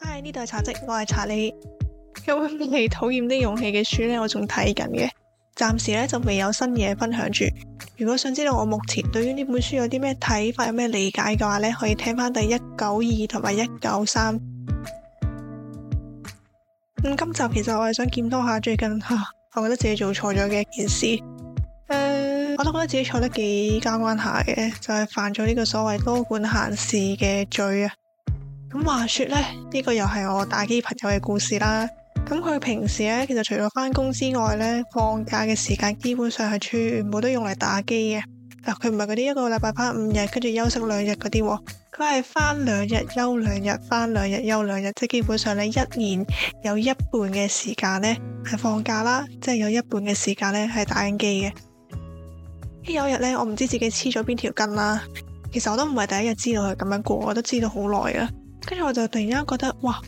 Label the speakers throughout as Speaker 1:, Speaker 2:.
Speaker 1: 係呢度係茶嘖，我係查理。有位未討厭啲勇氣嘅書呢？我仲睇緊嘅。暫時呢就未有新嘢分享住。如果想知道我目前對於呢本書有啲咩睇法，有咩理解嘅話呢可以聽翻第一九二同埋一九三。咁、嗯、今集其實我係想檢討下最近吓、啊，我覺得自己做錯咗嘅一件事。呃、我都覺得自己錯得幾交關下嘅，就係、是、犯咗呢個所謂多管閒事嘅罪啊。咁話說呢，呢，呢個又係我打機朋友嘅故事啦。咁佢平時呢，其實除咗翻工之外呢，放假嘅時間基本上係全部都用嚟打機嘅。但佢唔係嗰啲一個禮拜翻五日，跟住休息兩日嗰啲。佢係翻兩日休兩日，翻兩日休兩日，即係基本上呢，一年有一半嘅時間呢係放假啦，即係有一半嘅時間呢係打緊機嘅。有日呢，我唔知自己黐咗邊條筋啦。其實我都唔係第一日知道佢咁樣過，我都知道好耐啦。跟住我就突然間覺得，哇，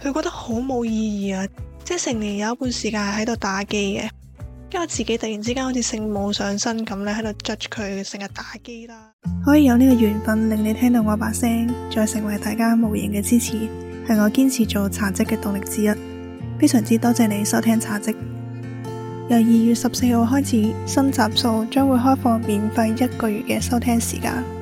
Speaker 1: 佢覺得好冇意義啊！即係成年有一半時間係喺度打機嘅，跟住自己突然之間好似聖母上身咁咧，喺度捽佢成日打機啦。可以有呢個緣分令你聽到我把聲，再成為大家無形嘅支持，係我堅持做茶嘖嘅動力之一。非常之多謝你收聽茶嘖。由二月十四號開始，新集數將會開放免費一個月嘅收聽時間。